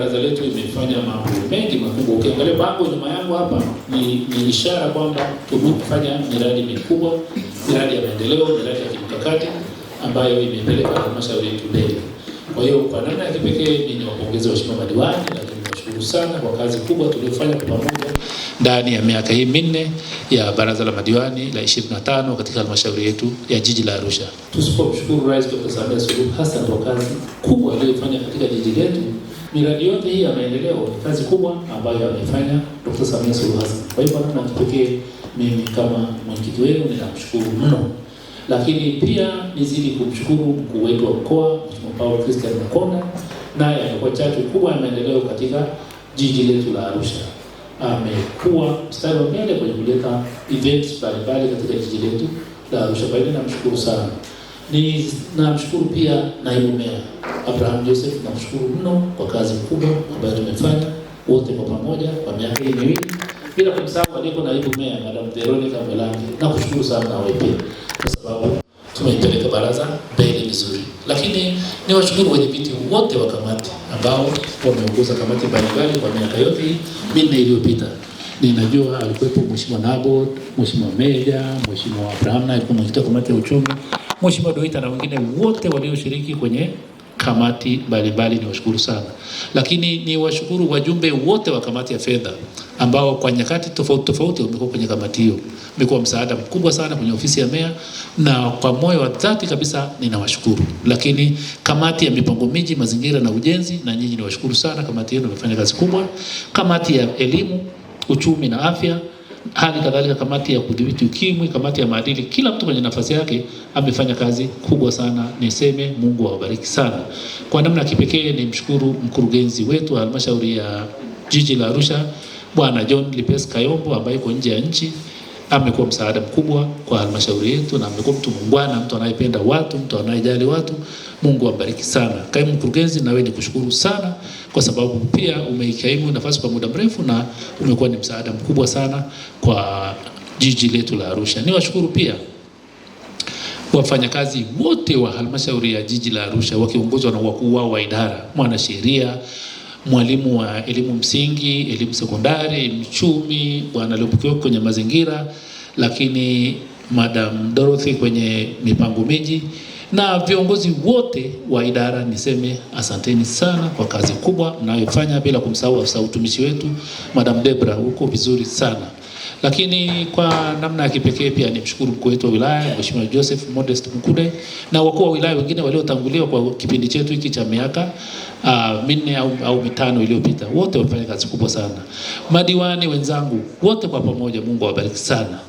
baraza letu imefanya mambo mengi makubwa. Ukiangalia bango nyuma yangu hapa ni, ni ishara kwamba tumefanya miradi mikubwa, miradi ya maendeleo, miradi ya kimkakati ambayo imepeleka halmashauri yetu mbele. Kwa hiyo kwa namna ya kipekee mimi niwapongeze waheshimiwa madiwani, lakini nashukuru sana kwa kazi kubwa tuliyofanya kwa pamoja ndani ya miaka hii minne ya baraza la madiwani la 25 katika halmashauri yetu ya jiji la Arusha. Tusipomshukuru Rais Dr. Samia Suluhu Hassan kwa kazi kubwa aliyofanya katika jiji letu miradi yote hii ya maendeleo ni kazi kubwa ambayo ameifanya Dr. Samia Suluhu Hassan. Kwa hivyo namna kipekee mimi kama mwenyekiti wenu ninamshukuru mno, lakini pia nizidi kumshukuru mkuu wetu wa mkoa Mheshimiwa Paul Christian Makonda, naye amekuwa chachu kubwa ya maendeleo katika jiji letu la Arusha. Amekuwa mstari wa mbele kwenye kuleta events mbalimbali katika jiji letu la Arusha. Kwa hiyo namshukuru sana. Ni namshukuru pia naibu meya Abraham Joseph, nakushukuru mno kwa kazi kubwa ambayo tumefanya wote kwa pamoja kwa miaka hii miwili, bila kumsahau aliyeko naibu meya Madam Veronica Mwelangi, nakushukuru sana na wewe pia, kwa sababu tumeipeleka baraza mbele vizuri. Lakini ni washukuru wenyeviti wote wa kamati ambao wameongoza kamati mbalimbali kwa miaka yote minne iliyopita. Ninajua alikuwepo Mheshimiwa Nabo, Mheshimiwa Meja, Mheshimiwa Abraham na alikuwa mwenyekiti wa kamati ya uchumi, Mheshimiwa Doita na wengine wote walioshiriki kwenye kamati mbalimbali. Ni washukuru sana, lakini ni washukuru wajumbe wote wa kamati ya fedha ambao kwa nyakati tofauti tofauti wamekuwa kwenye kamati hiyo, imekuwa msaada mkubwa sana kwenye ofisi ya meya, na kwa moyo wa dhati kabisa ninawashukuru. Lakini kamati ya mipango miji, mazingira na ujenzi, na nyinyi niwashukuru sana, kamati yenu imefanya kazi kubwa. Kamati ya elimu, uchumi na afya hali kadhalika kamati ya kudhibiti ukimwi, kamati ya maadili, kila mtu kwenye nafasi yake amefanya kazi kubwa sana. Niseme Mungu awabariki sana. Kwa namna ya kipekee nimshukuru mkurugenzi wetu wa halmashauri ya jiji la Arusha Bwana John Lipes Kayombo ambaye yuko nje ya nchi amekuwa msaada mkubwa kwa halmashauri yetu na amekuwa mtu mungwana, mtu anayependa watu, mtu anayejali watu. Mungu ambariki sana. Kaimu mkurugenzi, na wewe kushukuru sana kwa sababu pia umeikaimu nafasi kwa muda mrefu na umekuwa ni msaada mkubwa sana kwa jiji letu la Arusha. Niwashukuru pia wafanyakazi wote wa halmashauri ya jiji la Arusha wakiongozwa na wakuu wao wa idara, mwanasheria mwalimu wa elimu msingi, elimu sekondari, mchumi, bwana Lupukiweko kwenye mazingira, lakini Madam Dorothy kwenye mipango miji na viongozi wote wa idara niseme asanteni sana kwa kazi kubwa mnayofanya, bila kumsahau afisa utumishi wetu Madam Debra, huko vizuri sana lakini kwa namna ya kipekee pia nimshukuru mkuu wetu wa wilaya Mheshimiwa Joseph Modest Mkude na wakuu wa wilaya wengine waliotanguliwa kwa kipindi chetu hiki cha miaka uh, minne au, au mitano iliyopita. Wote wamefanya kazi kubwa sana, madiwani wenzangu wote kwa pamoja, Mungu awabariki sana.